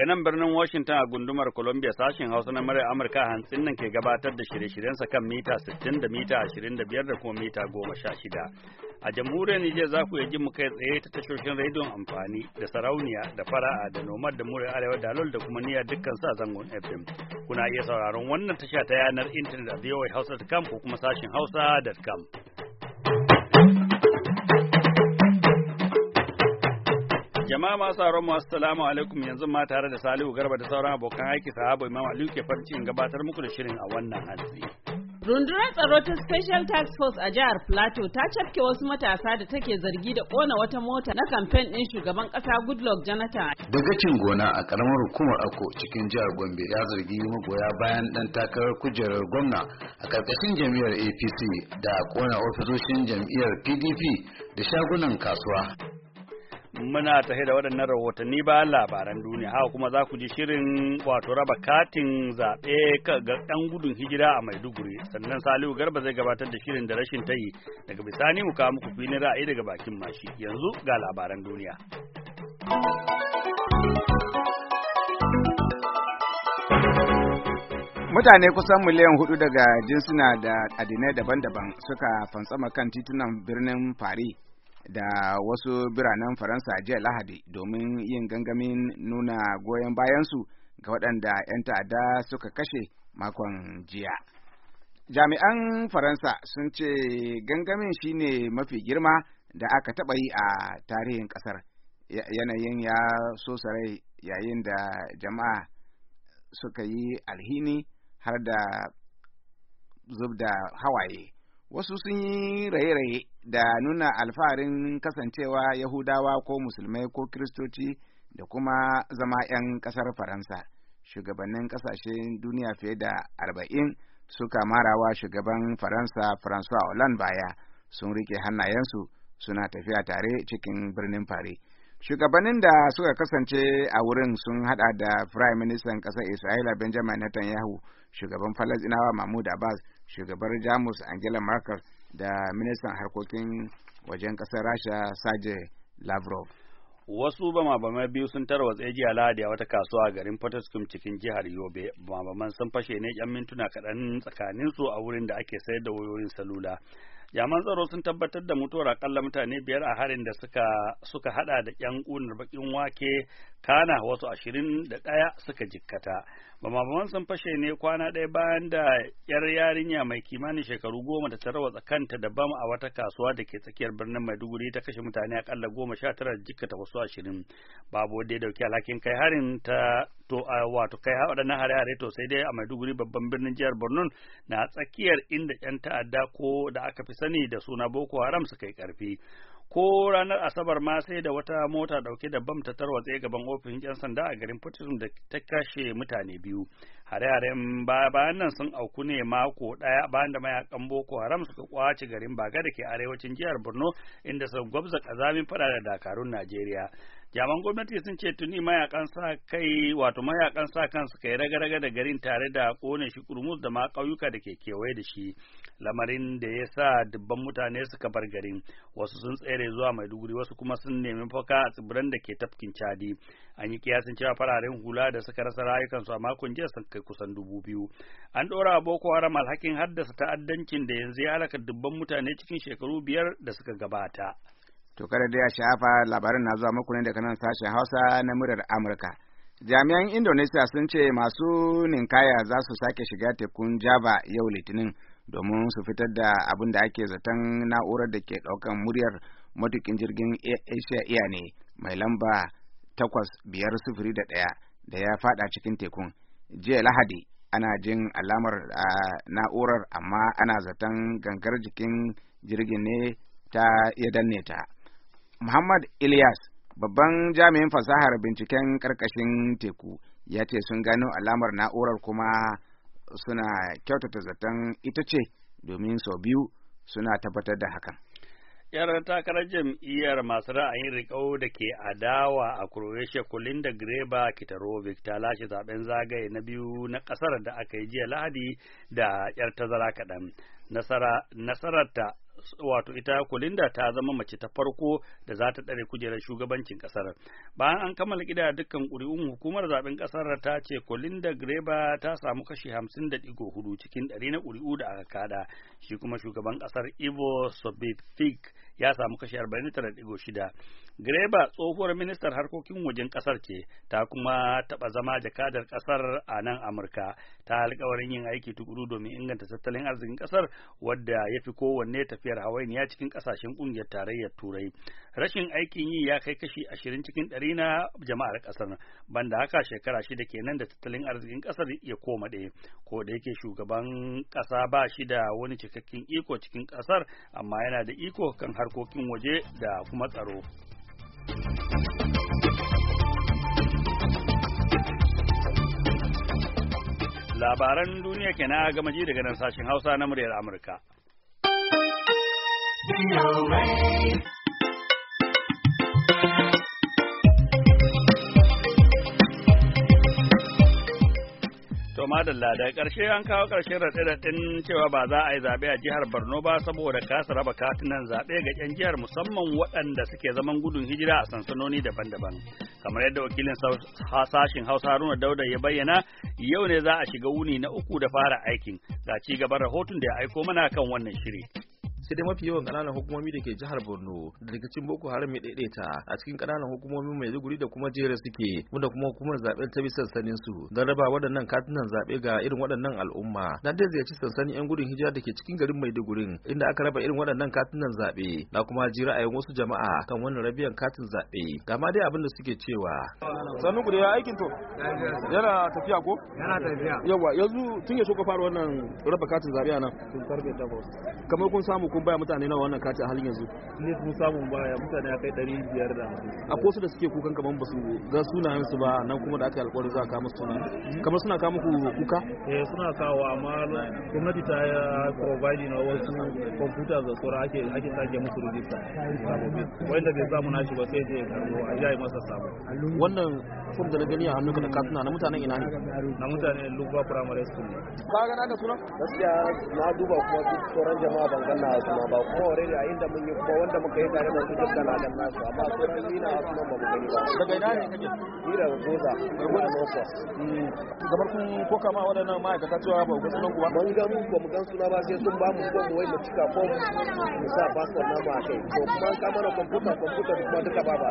Daga nan birnin Washington a gundumar Columbia sashen Hausa na murar Amurka hantsin nan ke gabatar da shirye-shiryensa kan mita 60 da mita 25 da kuma mita 16. A jamhuriyar Nijar za ku ji mu kai tsaye ta tashoshin rediyon amfani da sarauniya da fara'a da nomad da murar arewa da da kuma niyyar dukkan sa zangon FM. Kuna iya sauraron wannan tasha ta yanar intanet a voahausa.com ko kuma sashen hausa.com. Jama'a masu aron masu salamu alaikum yanzu ma tare da Salihu Garba da sauran abokan aiki sahabo Imam Aliyu ke farin gabatar muku da shirin a wannan hantsi. Rundunar tsaro ta Special Task Force a jihar Plateau ta cafke wasu matasa da take zargi da kona wata mota na kamfen ɗin shugaban ƙasa Goodluck Jonathan. Dagacin gona a karamar hukumar Ako cikin jihar Gombe ya zargi magoya bayan dan takarar kujerar gwamna a ƙarƙashin jam'iyyar APC da kona ofisoshin jam'iyyar PDP da shagunan kasuwa. muna tafe da waɗannan rahotanni ba labaran duniya haka kuma za ku ji shirin wato raba katin zaɓe ga ɗan gudun hijira a maiduguri sannan salihu garba zai gabatar da shirin da rashin tayi daga bisani mu kawo muku filin ra'ayi daga bakin mashi yanzu ga labaran duniya mutane kusan miliyan hudu daga jinsuna da addinai daban-daban suka fantsama kan titunan birnin paris da wasu biranen Faransa jiya Lahadi domin yin gangamin nuna goyon bayansu ga waɗanda 'yan ta'adda suka kashe makon jiya. Jami'an Faransa sun ce gangamin shine mafi girma da aka taɓa yi a tarihin ƙasar. Yanayin ya so sarai yayin da jama'a suka yi alhini har da zub da hawaye. wasu sun yi raye-raye da nuna alfaharin kasancewa Yahudawa ko Musulmai ko Kiristoci da kuma zama 'yan ƙasar Faransa. Shugabannin ƙasashen duniya fiye da arba'in suka marawa shugaban Faransa François Hollande baya sun rike hannayensu suna tafiya tare cikin birnin Fari. Shugabannin da suka kasance a wurin sun hada da Prime Ministan ƙasar Isra'ila Benjamin Netanyahu, shugaban Falasinawa Mahmud Abbas, shugabar jamus angela merkel da ministan harkokin wajen ƙasar rasha saje lavrov wasu bama biyu sun tarwatse jiya lahadi a wata kasuwa a garin potoskum cikin jihar yobe bama sun fashe ne yan mintuna kaɗan tsakaninsu a wurin da ake sayar da wayoyin salula Jaman tsaro sun tabbatar da mutuwar akalla mutane biyar a harin da suka suka hada da yan kunar bakin wake kana wasu ashirin da ɗaya suka jikkata. Bamabaman sun fashe ne kwana ɗaya bayan da yar yarinya mai kimanin shekaru goma da ta rawatsa kanta da bam a wata kasuwa da ke tsakiyar birnin Maiduguri ta kashe mutane akalla goma sha tara da jikkata wasu ashirin. Babu wanda ya dauki alhakin kai harin ta to wato kai waɗannan hare-hare to sai dai a Maiduguri babban birnin jihar Borno na tsakiyar inda 'yan ta'adda ko da aka fi sani da suna Boko Haram suka yi ƙarfi. Ko ranar Asabar ma sai da wata mota ɗauke da bam ta tarwatse gaban ofishin 'yan sanda a garin Putin da ta kashe mutane biyu. Hare-haren bayan nan sun auku ne mako ɗaya bayan da mayakan Boko Haram suka kwace garin Baga da ke arewacin jihar Borno inda sun gwabza ƙazamin fada da dakarun Najeriya. Jaman gwamnati sun ce tuni mayakan sa kai wato mayakan sa kan suka yi raga-raga da garin tare da kone shi kurmus da ma ƙauyuka da ke kewaye da shi lamarin da ya sa dubban mutane suka bar garin wasu sun tsere zuwa Maiduguri wasu kuma sun nemi faka a tsibiran da ke tafkin Chadi an yi kiyasin cewa fararen hula da suka rasa rayukansu a makon jiya sun kai kusan dubu biyu an ɗora Boko Haram alhakin haddasa ta'addancin da yanzu ya halaka dubban mutane cikin shekaru biyar da suka gabata. To kada dai a shafa labarin na zuwa muku ne daga nan sashen Hausa na murar Amurka. Jami'an Indonesia sun ce masu ninkaya za su sake shiga tekun Java yau Litinin domin su fitar da abin da ake zaton na'urar da ke ɗaukan muryar matukin jirgin Asia Air ne mai lamba takwas biyar sufuri da ɗaya da ya faɗa cikin tekun. Jiya Lahadi ana jin alamar a na'urar amma ana zaton gangar jikin jirgin ne ta ya danne ta. Muhammad Ilyas, babban jami'in fasahar binciken karkashin teku, ya ce sun gano alamar na'urar kuma suna kyautata zaton ita ce domin sau biyu suna tabbatar da hakan. Yar takarar jam'iyyar masu ra'ayin riƙau da ke adawa a Croatia kulinda Greba Kitarovic ta lashe zaben zagaye na biyu na ƙasar da aka yi jiya Lahadi da yar tazara kaɗan. Nasararta wato ita kulinda ta zama mace ta farko da za ta ɗare kujerar shugabancin ƙasar. Bayan an kammala gida dukkan ƙuri'un hukumar zaben ƙasar ta ce kulinda Greba ta samu kashi hamsin da ɗigo hudu cikin ɗari na kuri'u da aka kada, shi kuma shugaban ƙasar Ivo Sobefik ya samu kashi shida. Greba tsohuwar ministar harkokin wajen kasar ce ta kuma taɓa zama jakadar ƙasar a nan Amurka ta alkawarin yin aiki tukuru domin inganta tattalin arzikin ƙasar wadda ya fi kowanne tafiyar hawainiya cikin kasashen ƙungiyar tarayyar Turai rashin aikin yi ya kai kashi ashirin cikin ɗari na jama'ar ƙasar, banda haka shekara shida kenan da tattalin arzikin ƙasar ya koma ɗaya ko da yake shugaban kasa ba shi da wani cikakken iko cikin kasar amma yana da iko kan har harkokin waje da kuma tsaro. Labaran duniya ke gama ji daga nan sashen Hausa na muryar Amurka. To madalla da ƙarshe an kawo ƙarshen raɗe-raɗin cewa ba za a yi zaɓe a jihar Borno ba saboda kasa raba katunan zaɓe ga 'yan jihar musamman waɗanda suke zaman gudun hijira a sansanoni daban-daban. Kamar yadda wakilin sashen Hausa Haruna Dauda ya bayyana yau ne za a shiga wuni na uku da fara aikin. Ga ci gaban rahoton da ya aiko mana kan wannan shiri. sai dai mafi yawan ƙananan hukumomi da ke jihar borno da cin boko haram ya daidaita a cikin ƙananan hukumomin maiduguri da kuma jere suke wanda kuma hukumar zaɓen ta bi sansanin su don raba waɗannan katunan zaɓe ga irin waɗannan al'umma na dai ziyarci sansanin yan gudun hijira da ke cikin garin maidugurin inda aka raba irin waɗannan katunan zaɓe na kuma ji ra'ayin wasu jama'a kan wannan rabiyan katin zaɓe ga ma dai abin da suke cewa sannu ku da aikin to yana tafiya ko yana tafiya yawa yanzu tun ya so fara wannan raba katin zaɓe a nan kamar kun samu ko kun baya mutane nawa wannan kati a halin yanzu ne sun samun baya mutane ya kai 550 akwai su da suke kukan kaman basu ga sunayen su ba nan kuma da aka alƙawarin za a kama suna kamar suna kama ku kuka eh suna kawo amma gwamnati ta provide na wasu computers da tsora ake ake sake musu rijista da bai samu nashi ba sai ya karbo a yayi masa sabo wannan fom da na gani a hannunka da katuna na mutanen ina ne na mutanen Lugba Primary School ba ga na da suna gaskiya na duba kuma sauran jama'a ban ganna kuma ba kuma already a inda mun yi kuma wanda muka yi tare da su dukkan da nasu amma sauran mina kuma ba mu gani ba daga ina ne kake ni daga goza daga goza hmm. kamar kun ko kama waɗannan ma'aikata cewa ba ku sunan kuwa mun ga mu ko mun gan suna ba sai sun ba mu ko mu wai mu cika ko mu sa passport na ba kai ko kuma ka mana computer computer kuma duka ba ba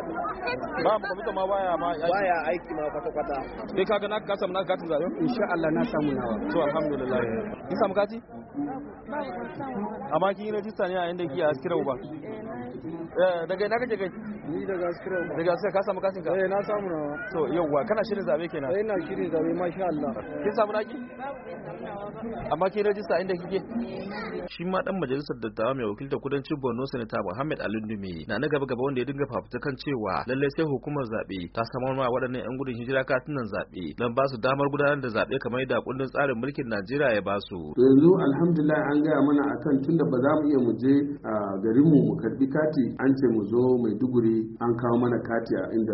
ba mu computer ma baya ma baya aiki ma kwata kwata sai kaga na ka samu na katin zabe insha Allah na samu nawa to alhamdulillah kin samu kati amma kin yi rajista ne a inda kike a askira uba eh, eh, daga ina kake kai ni daga askira daga askira ka samu kasin ka eh na samu na to yauwa kana shirin zabe kenan eh ina shirin zabe masha Allah kin samu naki amma rajista inda kike shi ma dan majalisar dattawa mai wakiltar kudancin Borno Senator Muhammad Alundumi na na gaba gaba wanda ya dinga kan cewa lallai sai hukumar zabe ta samar ma waɗannan yan gudun hijira katinan zabe dan ba su damar gudanar da zabe kamar da kundin tsarin mulkin Najeriya ya ba su yanzu alhamdulillah an gaya mana akan tunda ba za mu iya mu je a garinmu mu karbi kati an ce mu zo Maiduguri an kawo mana kati a inda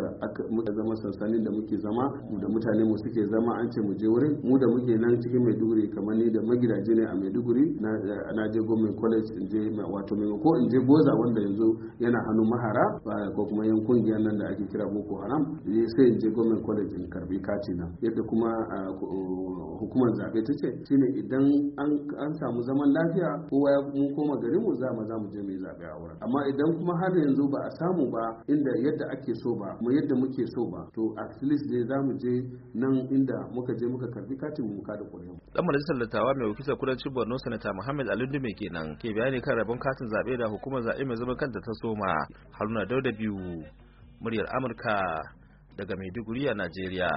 muka zama sansanin da muke zama da mutane mu suke zama an ce mu je wurin mu da muke nan cikin maiduguri kamar ni da magidaje ne a maiduguri na je gomen college in je wato ko in je boza wanda yanzu yana hannun mahara ko kuma yan kungiyar nan da ake kira boko haram sai in je gomen college in karbi kati na yadda kuma hukumar zaɓe ta ce shine idan an samu zaman lafiya kowa ya mun koma garinmu, za mu za mu je mu yi zaɓe a wurin amma idan kuma har yanzu ba a samu ba inda yadda ake so ba mu yadda muke so ba to at least dai zamu je nan inda muka je muka karbi katin mu da kuri'un dan majalisar dattawa mai wakiltar kudancin Borno sanata Muhammad Alundu mai kenan ke bayani kan rabon katin zabe da hukumar zabe mai zaman kanta ta soma Haruna Dauda biyu muryar Amurka daga Maiduguri a Najeriya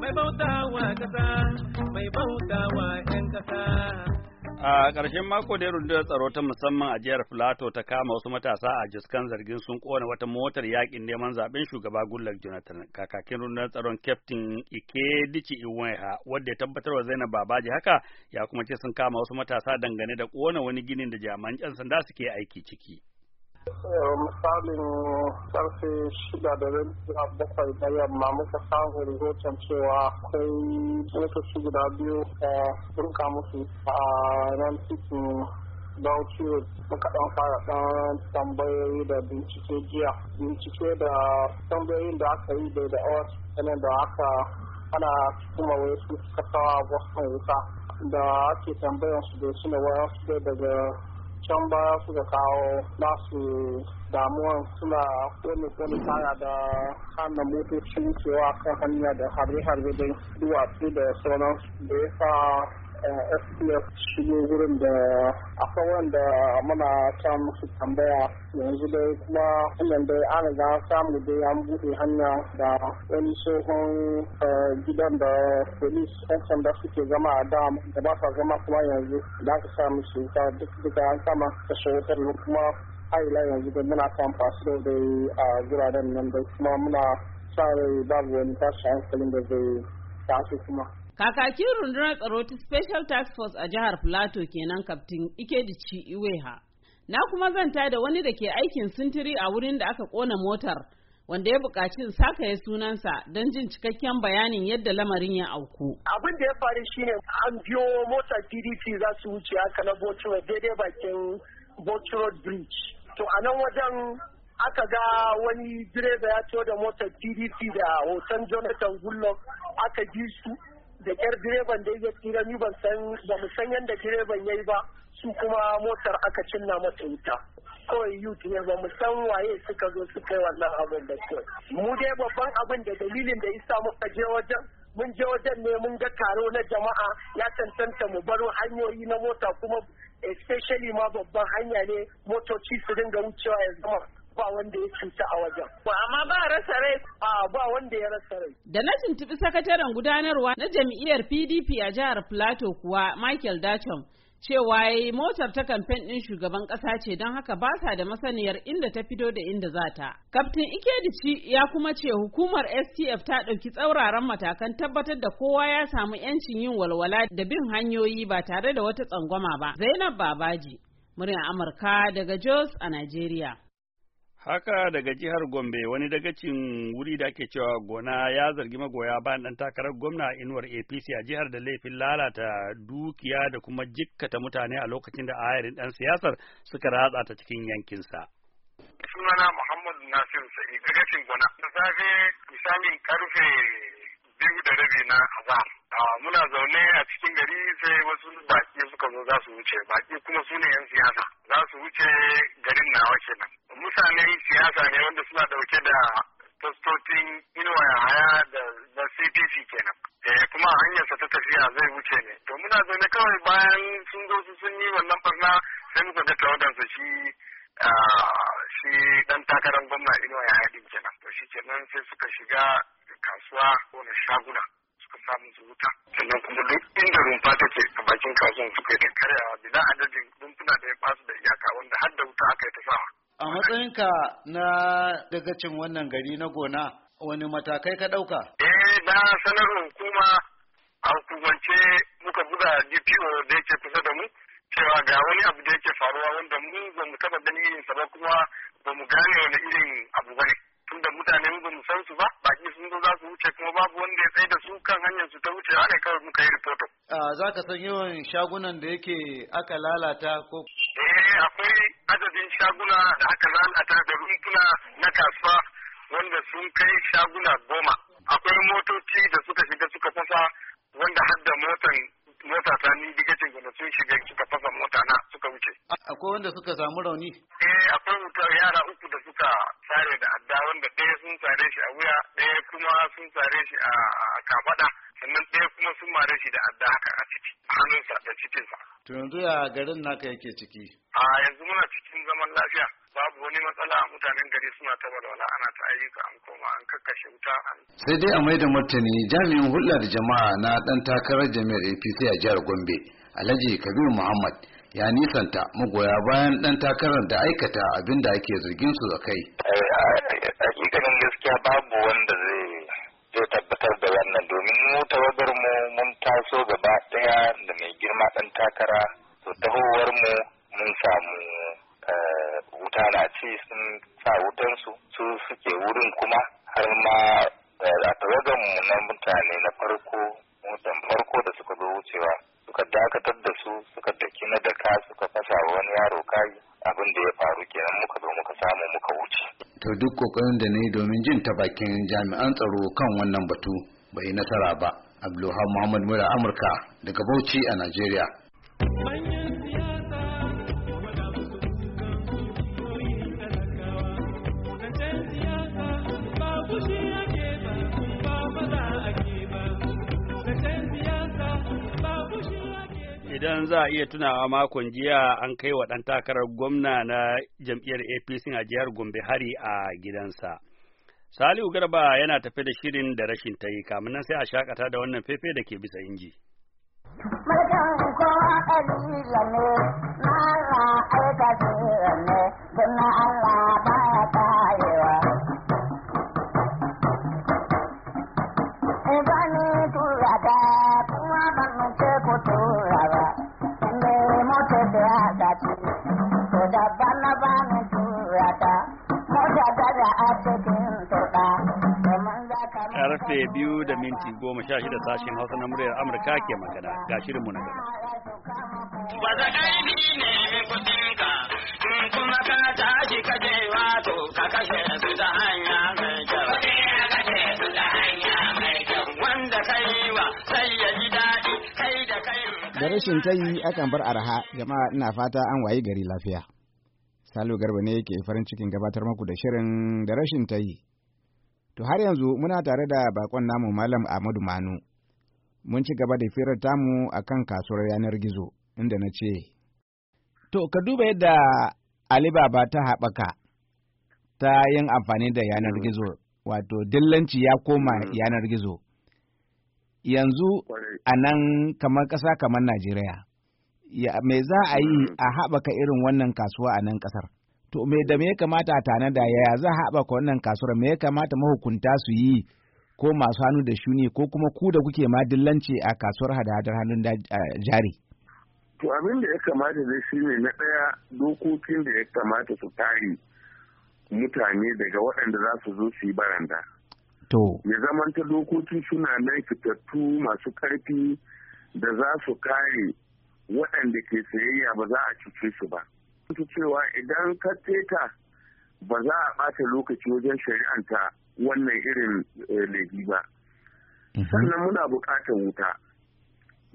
mai bautawa kasa mai bautawa 'yan kasa A ƙarshen mako da rundunar tsaro ta musamman a jihar Filato ta kama wasu matasa a jiskan zargin sun kona wata motar yakin neman zaɓen shugaba gullar Jonathan kakakin rundunar tsaron Captain Ikedici Iwenha wadda ya tabbatar wa Zainab Babaji haka ya kuma ce sun kama wasu matasa dangane da kona wani ginin da jami'an 'yan sanda suke aiki ciki. misalin karfe shida da zuwa bakwai na yamma muka samu rahoton cewa akwai motoci guda biyu a turka musu a nan cikin bauchi muka dan fara dan tambayoyi da bincike jiya bincike da tambayoyin da aka yi da da da aka ana kuma wai su kasawa wasu wuta da ake tambayan su da suna wayan su daga can baya suka kawo su damuwan suna kone kone tara da hana motocin cewa kan hanya da harbe-harbe da duwatsu da sauran da ya SPF shigo gurin da akwai wanda muna ta musu tambaya yanzu dai kuma wannan dai an riga samu dai an buɗe hanya da wani tsohon eh, gidan da polis ɗan sanda suke zama a dam da ba sa zama kuma yanzu da aka sa musu ta duk duka an kama kashe wutar kuma haila yanzu da muna kan da dai a guraren nan dai kuma muna sa rai babu wani tashi hankalin da zai tashi kuma. Kakakin rundunar tsaro ta Special Task Force a jihar Plateau kenan Kaftin Ikedici Iweha. Na kuma zanta da wani da ke aikin sintiri a wurin da aka kona motar wanda ya saka ya sunansa don jin cikakken bayanin yadda lamarin ya auku. Abin da ya faru shine an biyo mota PDP za su wuce aka na Botro daidai bakin Botro Bridge. To a nan wajen aka ga wani direba ya da motar PDP da hoton Jonathan Gullock aka ji su da kyar direban da ya tsira ni ban san ba mu san yadda direban ya yi ba su kuma motar aka cinna masa wuta kawai youth ne ba mu san waye suka zo suka yi wannan abin da ke mu dai babban abin da dalilin da isa muka je wajen mun je wajen ne mun ga taro na jama'a ya cancanta mu baro hanyoyi na mota kuma especially ma babban hanya ne motoci su dinga wucewa ya zama ba wanda ya cuta a wajen. Ba amma ba rasa rai ba wanda ya rasa rai. Da na tuntuɓi sakataren gudanarwa na jam'iyyar PDP a jihar Plateau kuwa Michael Dachon cewa ya motar ta kamfen ɗin shugaban ƙasa ce don haka ba sa da masaniyar inda ta fito da inda za ta. Kaftin Ikedici ya kuma ce hukumar STF ta ɗauki tsauraran matakan tabbatar da kowa ya samu 'yancin yin walwala da bin hanyoyi ba tare da wata tsangwama ba. Zainab Babaji, muryar Amurka daga Jos a Najeriya. Haka daga jihar Gombe wani dagacin wuri da ake cewa gona ya zargi magoya bayan ɗan takarar gwamna a inuwar APC a jihar da laifin lalata dukiya da kuma jikkata mutane a lokacin da ayarin ɗan siyasar suka ratsa ta cikin yankinsa. Sunana Muhammadu Nasir Sa'i dagacin gona. Da safe misalin karfe biyu da rabi na azar. muna zaune a cikin gari sai wasu baki suka zo za su wuce baki kuma su ne yan siyasa za su wuce garin nawa kenan mutanen siyasa ne wanda suna dauke da fastotin inuwa ya haya da na cpc kenan eh kuma hanyarsa ta tafiya zai wuce ne to muna zaune kawai bayan sun zo su sun yi wannan barna sai muka ga tawadansa shi shi dan takarar gwamna inuwa ya haya din kenan to shi kenan sai suka shiga kasuwa ko na shaguna sa musu wuta sannan kuma duk inda rumfa take a bakin kasuwan suka yi karyawa bila adadin rumfuna da ya fasu da iyaka wanda har da wuta aka yi ta a matsayinka na dagacin wannan gari na gona wani matakai ka ɗauka? eh na sanar kuma a hukumance muka buga DPO da yake kusa da mu cewa ga wani abu da yake faruwa wanda mu ba mu taɓa ganin irinsa ba kuma ba mu gane wani irin abu ba ne. tunda mutane ba mu san su ba baki sun zo za su wuce kuma babu wanda ya tsaye da su kan hanyar su ta wuce ne kawai muka yi ripoto. za ka san yawan shagunan da yake aka lalata ko. eh akwai adadin shaguna da aka lalata da rumfuna na kasuwa wanda sun kai shaguna goma akwai motoci da suka shiga suka fasa wanda har da motan mota ta ni diga da sun shiga suka fasa mota na suka wuce. akwai wanda suka samu rauni. eh sare shi a wuya ɗaya kuma sun tsare shi a kafaɗa sannan ɗaya kuma sun mare shi da adda haka a ciki hannunsa da cikinsa. to yanzu ya garin naka yake ciki. a yanzu muna cikin zaman lafiya babu wani matsala a mutanen gari suna ta walwala ana ta ayyuka an koma an kakkashe wuta sai dai a mai da martani jami'in da jama'a na ɗan takarar jami'ar apc a jihar gombe alhaji Kabiru muhammad ya nisanta magoya bayan ɗan takarar da aikata abin da ake zargin su da kai. takara to tahowar mu mun samu eh, wuta na ci sun sa wutan su su suke wurin kuma har ma eh, a tawagan mu na mutane na farko mutan farko da suka zo wucewa suka dakatar da su suka daki na daka suka fasa wani yaro kai abin da ya faru kenan muka zo muka samu muka wuce. To duk kokarin da nayi domin jin ta bakin jami'an tsaro kan wannan batu bai nasara ba. Abdulhamu Muhammad Mura Amurka daga Bauchi a Najeriya. idan za a iya tunawa makon jiya an kai wa ɗan takarar gwamna na jam'iyyar apc a jihar gombe hari a gidansa salihu garba yana tafe da shirin da rashin ta yi kamun nan sai a shakata da wannan fefe da ke bisa inji. ne a karfe biyu da minti goma sha shida sashen hausa na muryar amurka ke magana ga shirinmu na gaba Wata ƙarfi ne min kuma ka tashi ka je wato ka kashe su ta hanya mai kyau. Kuɗi kashe su ta hanya mai kyau. Wanda ka wa sai ya ji daɗi kai da kai. Da rashin tayi akan bar araha jama'a ina fata an wayi gari lafiya. Salo Garba ne ke farin cikin gabatar muku da shirin da rashin tayi. To har yanzu muna tare da bakon namu Malam Ahmadu Manu. Mun ci gaba da firar tamu akan kasuwar yanar gizo. inda na ce, To, ka duba yadda Alibaba ta haɓaka ta yin amfani da yanar mm. gizo, wato dillanci ya koma mm. yanar gizo. Yanzu a nan kamar ƙasa kamar Najeriya, me za a yi mm. a haɓaka irin wannan kasuwa a nan ƙasar? To, me da me ya kamata a tanada yaya za a haɓaka wannan kasuwar me ya kamata mahukunta su yi ko masu hannu da shuni ko kuma ku da kuke ma dillanci a kasuwar hada hannun jari? to abin da ya kamata zai ne na ɗaya dokokin da ya kamata su kare mutane daga waɗanda za su zo su yi baranda to ya zamanta dokoki suna nan fitattu masu ƙarfi da za su kare waɗanda ke sayayya ba za a cuce su ba cewa idan ka teta ba za a ɓata lokaci wajen shari'anta wannan irin eh, laifi ba mhm. sannan muna buƙatar wuta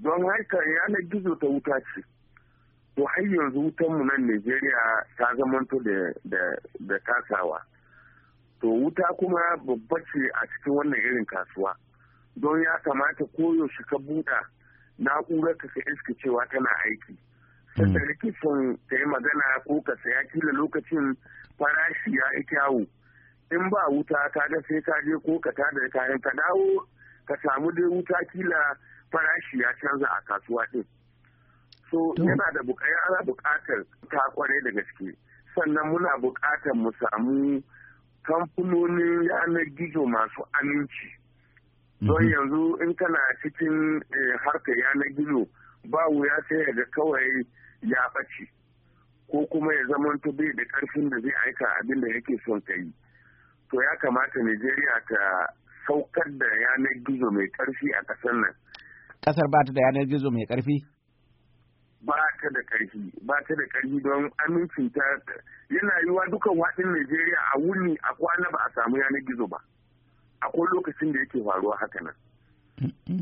don haka yanar gizo ta wuta ce to har yanzu mu nan Najeriya ta zamanto da kasawa to wuta kuma babba ce a cikin wannan irin kasuwa don ya kamata koyaushe ka buɗa na'urar ka ka iska cewa tana aiki hmm. sanda rikicin son yi magana ko ka saya kila lokacin farashi ya yi kyawu in ba wuta ka ga sai ka je ko ka tada kayan ka dawo ka samu dai wuta kila farashi ya canza a kasuwa ɗin. so yana da ana buƙatar ta kwarai da gaske sannan muna buƙatar mu samu kamfanonin yanar gizo masu aminci don mhm. yanzu in kana cikin eh, harka yanar gizo ba wuya sai ga kawai ya ɓace ko kuma ya zamanto bai da ƙarfin da zai aika abin da yake son ka yi to ya kamata Nijeriya ta saukar da yanar gizo mai ƙarfi a ƙasar nan kasar ba ta da yanar gizo mai karfi ba ta da karfi ba ta da karfi don amincin ta yana yiwa dukan waɗin Najeriya a wuni a kwana ba a samu yanar gizo ba akwai lokacin da yake faruwa haka nan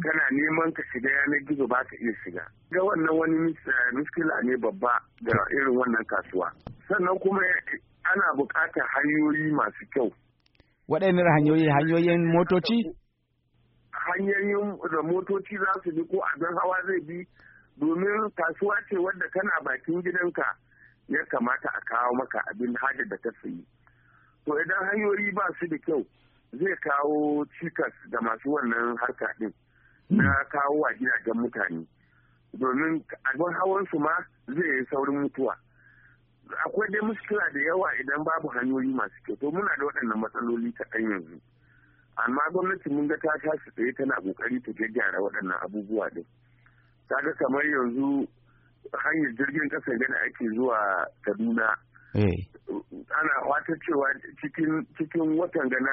kana neman ka shiga yanar gizo ba ka iya shiga ga wannan wani eh, miskila ne babba da irin wannan kasuwa sannan kuma eh, ana buƙatar hanyoyi masu kyau waɗannan hanyoyi hanyoyin motoci hanyoyin da motoci za su bi ko abin hawa zai bi domin kasuwa ce wadda kana bakin gidanka ya kamata a kawo maka abin hajar da ta sayi to idan hanyoyi ba su da kyau zai kawo cikas da masu wannan harka din na kawo wa gidajen mutane domin abin hawan su ma zai yi saurin mutuwa akwai dai muskila da yawa idan babu hanyoyi masu kyau to muna da waɗannan matsaloli ta yanzu. amma gwamnati mun ga ta tashi tsaye tana kokari ta gyaggyara waɗannan abubuwa din ga kamar yanzu hanyar jirgin ƙasa gani ake zuwa kaduna eh. ana wata cewa cikin watan gana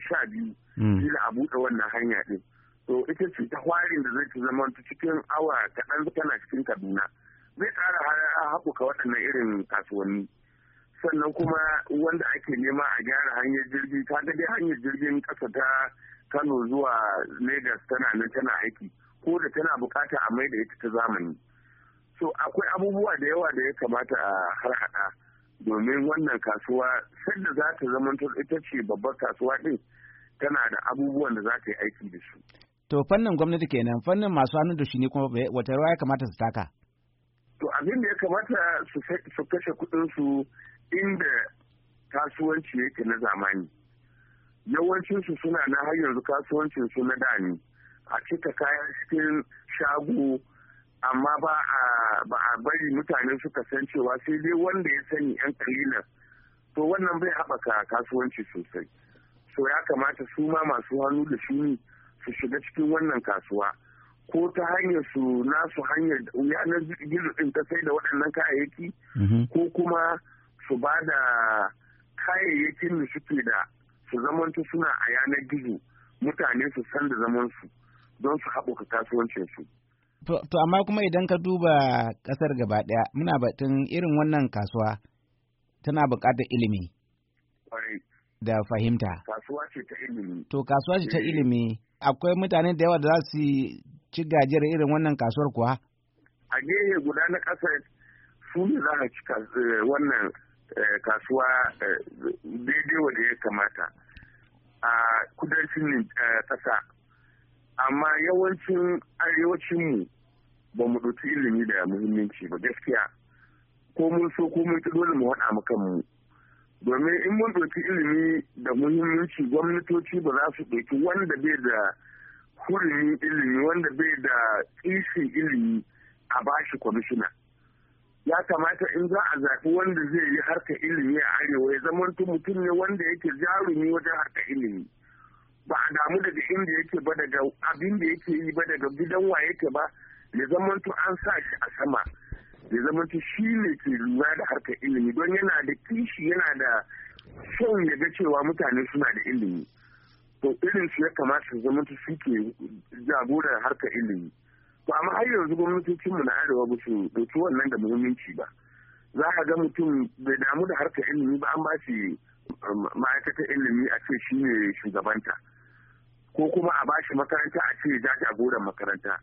sha biyu hmm. kila a buɗe wannan hanya din to ita ce ta hwarin da zai zama cikin awa kaɗan tana cikin kaduna zai ƙara haɓuka waɗannan irin kasuwanni sannan kuma wanda ake nema a gyara hanyar jirgi ta dai hanyar jirgin ƙasa ta kano zuwa lagos tana nan tana aiki ko da tana bukata a maida ita ta zamani so akwai abubuwa da yawa da ya kamata a harhaɗa domin wannan kasuwa da za ta zama ita ce babbar kasuwa ɗin tana da abubuwan da za ta yi aiki da su. To fannin gwamnati kenan fannin masu hannu da shi ne kuma wata rawa ya kamata su taka? To abin da ya kamata su kashe kuɗinsu inda kasuwanci yake na zamani yawancinsu suna na har yanzu kasuwancin su na da ne a cika kayan cikin shago amma ba a bari mutane suka san cewa sai dai wanda ya sani yan kalilan to wannan bai haɓaka kasuwanci sosai so ya kamata su ma masu hannu da shuni su shiga cikin wannan kasuwa ko ta hanyar su nasu hanyar yanar gizo ɗin ta sai da waɗannan kayayyaki mm-hmm. ko kuma su ba da kayayyakin da suke da su zamantu suna a yanar gizo mutane su san da zamansu don su haɓaka kasuwancinsu. To amma kuma idan ka duba ƙasar gaba ɗaya muna batun irin wannan kasuwa tana buƙatar ilimi. Da fahimta. Kasuwa ce ta ilimi. To kasuwa ce ta eh. ilimi. Akwai mutane da yawa da za su ci gajiyar irin wannan kasuwar kuwa? A gehe guda na ƙasar su ne za ci eh, wannan Eh, kasuwa eh, daidai wanda ya kamata a kudancin eh, ƙasa amma yawancin mu ba mu ɗauki ilimi da muhimmanci ba gaskiya ko mun so ko mun dole mu haɗa mu domin in mun ɗauki ilimi da muhimmanci gwamnatoci ba za su ɗauki wanda bai da hurumin ilimi wanda bai da kishin ilimi a bashi kwamishina ya kamata in za a zaɓi wanda zai yi harka ilimi a arewa ya zamanto mutum ne wanda yake jarumi wajen harka ilimi ba a damu daga inda yake ba daga abin da yake yi ba daga gidan wa yake ba ya zamanto an sa shi a sama ya zamanto shi ne ke lura da harka ilimi don yana da kishi yana da son ya ga cewa mutane suna da ilimi to irin su ya kamata su zama su ke jagorar harkar ilimi Ba amma har yanzu gwamnatocinmu na arewa ba su dauki wannan da muhimmanci ba za ka ga mutum bai damu da harkar ilimi ba an ba shi um, ma'aikatar ilimi a ce shi ne shugabanta ko kuma a ba shi makaranta a ce a jagoran makaranta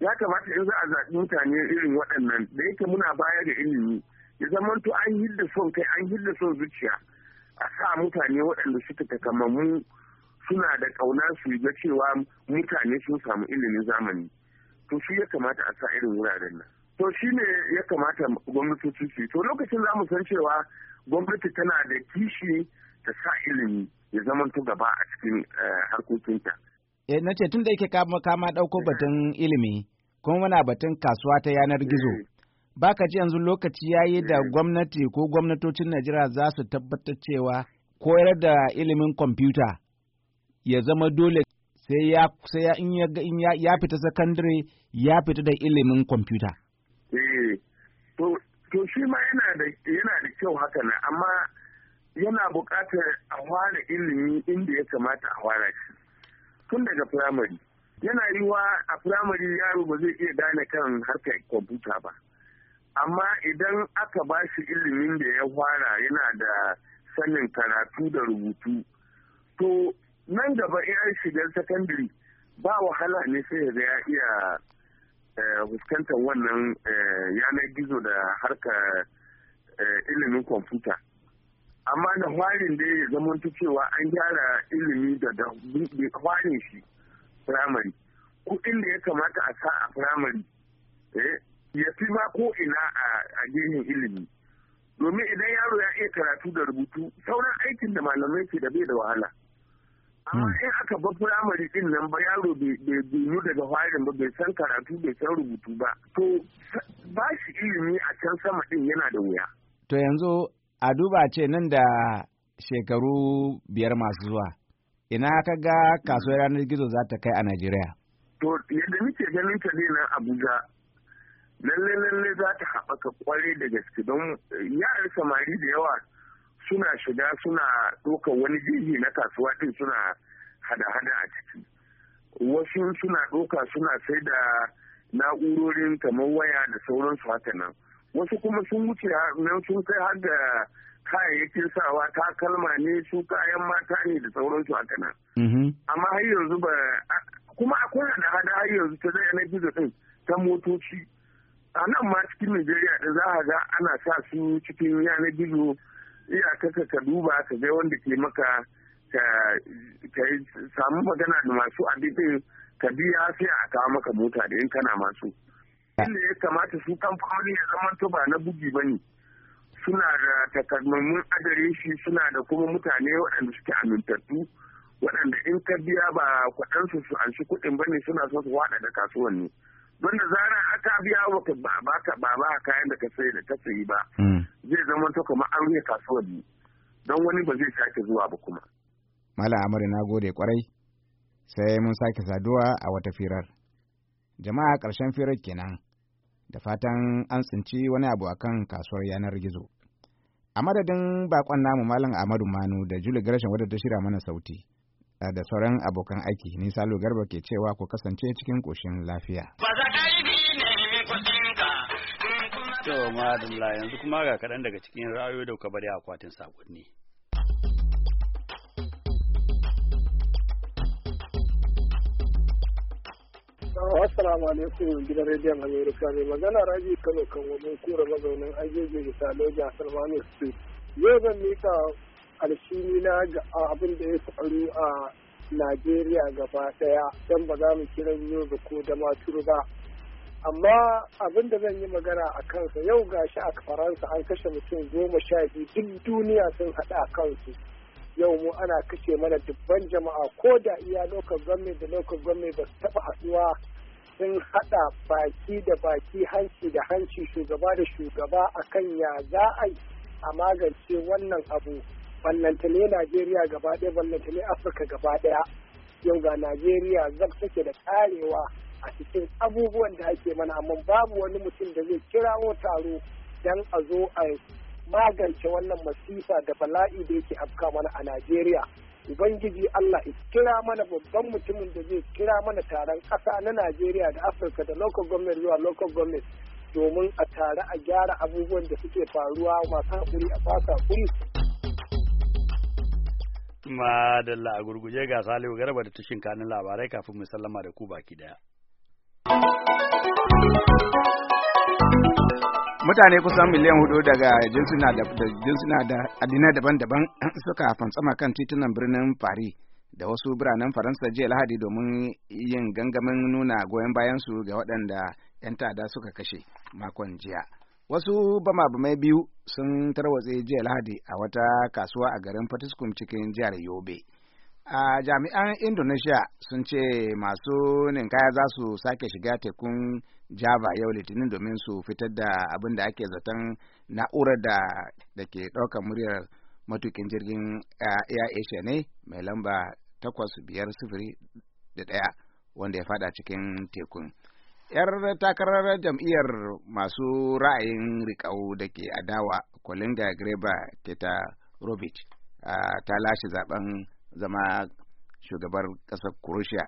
ya kamata in za a zaɓi mutane irin waɗannan da yake muna baya da ilimi ya zamanto an hidda son kai an hidda son zuciya a sa mutane waɗanda suka takamammu suna da ƙauna su ga cewa mutane sun samu ilimin zamani to shi ya kamata a sa irin wuraren nan to shi ne ya kamata gwamnatoci su to lokacin za mu san cewa gwamnati tana da kishi ta sa ilimi ya zama to gaba a cikin eh, harkokinta Nace eh, na ce tun da yake kama kama dauko batun ilimi kuma muna batun kasuwa ta yanar gizo eh. baka ji yanzu lokaci ya yi da gwamnati ko gwamnatocin Najeriya za su tabbatar cewa koyar da ilimin kwamfuta ya zama dole sai ya sai ya in ya in ya, ya fita sakandare ya fita da ilimin kwamfuta eh to to shi ma yana da yana da kyau haka ne amma yana buƙatar a fara ilimi inda ya kamata a fara shi tun daga firamare yana yiwa a firamare yaro ba zai iya gane kan harkar kwamfuta ba amma idan aka ba shi ilimin da ya fara yana da sanin karatu da rubutu to nan gaba ya shigar sakandare ba wahala ne sai ga ya iya eh, fuskantar wannan eh, yanar gizo da harka eh, ilimin kwamfuta amma da hwarin da ya zama cewa an gyara ilimi da hwarin shi firamare kuɗin da ya kamata a sa a firamare ya fi ma ko ina a gehen ilimi domin idan yaro ya iya karatu da rubutu sauran aikin da malamai ke da bai da wahala amma hmm. in aka ba firamare din nan ba yaro bai biyu daga farin ba bai san karatu bai san rubutu ba to ba shi ilimi a can sama din yana da wuya to yanzu a duba ce nan da shekaru biyar masu zuwa ina ka ga kasuwar yanar gizo za ta kai a najeriya to yadda muke ganin ta nan abuja lalle lalle za ta haɓaka kwarai da gaske don eh, yaran samari da yawa suna shiga suna ɗaukar wani jirgi na kasuwa ɗin suna hada-hada a ciki wasu suna ɗauka suna sai da na'urorin kamar waya da sauransu haka nan wasu kuma sun wuce nan sun kai har da kayayyakin sawa takalma ne su kayan mata ne da sauransu haka nan mm-hmm. amma har yanzu ba kuma akwai da hada har yanzu ta zai na gizo ɗin ta motoci a nan ma cikin nigeria da za a ga ana sa su cikin yanar gizo iyakaka ka duba ka ga wanda ke maka ka samu magana da masu addinin ka biya sai a kawo maka mota da in kana masu inda ya kamata su kamfani ya zama to ba na bugi bane suna da takamaimun shi suna da kuma mutane waɗanda suke amintattu waɗanda in ka biya ba kwaɗansu su an anshi kuɗin bane suna so su waɗa da kasuwanni banda zara aka biya wa ba baka ba ba kayan da ka sai da ka sayi ba hmm. zai zama to kuma an rufe ne don wani ba zai sake zuwa ba kuma malam amari na gode kwarai sai mun sake saduwa a wata firar jama'a ƙarshen firar kenan da fatan an tsinci wani abu akan kasuwar yanar gizo a madadin bakon namu malam amadu manu da juli garashin wadda ta shirya mana sauti da sauran abokan aiki nisa garba ke cewa ku kasance cikin ƙoshin lafiya. Yau yanzu kuma ga kaɗan daga cikin ra'ayoyi da kuka bari akwatin saƙonni. Assalamu alaikum gidan rediyon Amerika ne magana raji Kano kan wani kura mazaunin ajeji da Salo Jasar Manu Street. Yau zan mika alshini na ga abin da ya faru a Najeriya gaba daya don ba za mu kiran yau ko da maturu ba. Amma abin da zan yi magana a kansa yau ga shi a Faransa an kashe mutum goma sha biyu duk duniya sun haɗa a kansu. Yau mu ana kashe mana dubban jama'a ko da iya lokacin gwamnati da lokacin gwamnati ba su taɓa haɗuwa sun haɗa baki da baki hanci da hanci shugaba da shugaba akan ya za a a magance wannan abu. ballantane najeriya gaba ɗaya ballantane afirka gaba ɗaya yau ga najeriya zan take da karewa a cikin abubuwan da ake mana amma babu wani mutum da zai kirawo taro don a zo a magance wannan masifa da bala'i da yake afka mana a najeriya ubangiji allah kira mana babban mutumin da zai kira mana taron ƙasa na najeriya da afirka da local government zuwa local government domin a tare a gyara abubuwan da suke faruwa masu haƙuri a fasa haƙuri Madalla a gurguje ga Salihu Garba da tushin kanin labarai kafin mu sallama da ku baki daya. Mutane kusan miliyan hudu daga jinsuna da adina addinai daban-daban suka fantsama kan titunan birnin Paris da wasu biranen Faransa jiya Lahadi domin yin gangamin nuna goyon bayansu ga waɗanda 'yan ta'adda suka kashe makon jiya. Wasu bama-bamai biyu sun tarwatse jiya Lahadi a wata kasuwa a garin Fatiskum cikin jihar Yobe. A jami'an Indonesia sun ce masu ninkaya za su sake shiga tekun Java yau Litinin domin su fitar da abin da ake zaton na'urar da ke ɗaukar muryar matukin jirgin Air Asia ne mai lamba takwas wanda ya fada cikin tekun. 'yar takarar jam'iyyar masu ra'ayin rikau da ke adawa Kolinda Greba Teta Robic ta lashe zaben zama shugabar ƙasar Croatia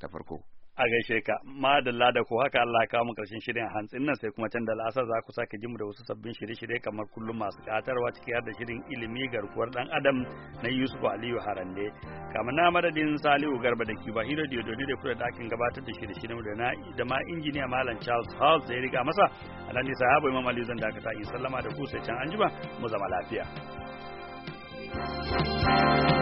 ta farko. a gaishe ka madalla da ko haka Allah kawo mu karshen shirin hantsin nan sai kuma can da la'asar za ku sake jimu da wasu sabbin shirye-shirye kamar kullum masu katarwa ciki har da shirin ilimi garkuwar dan adam na Yusuf Aliyu Harande kamar na madadin Salihu Garba da Kiba Hiro da Dodi da dakin gabatar da shirye-shiryen da na da ma injiniya Malam Charles Hall zai riga masa Allah ne sahabo Imam Ali zan dakata in sallama da ku sai can anjima mu zama lafiya. thank you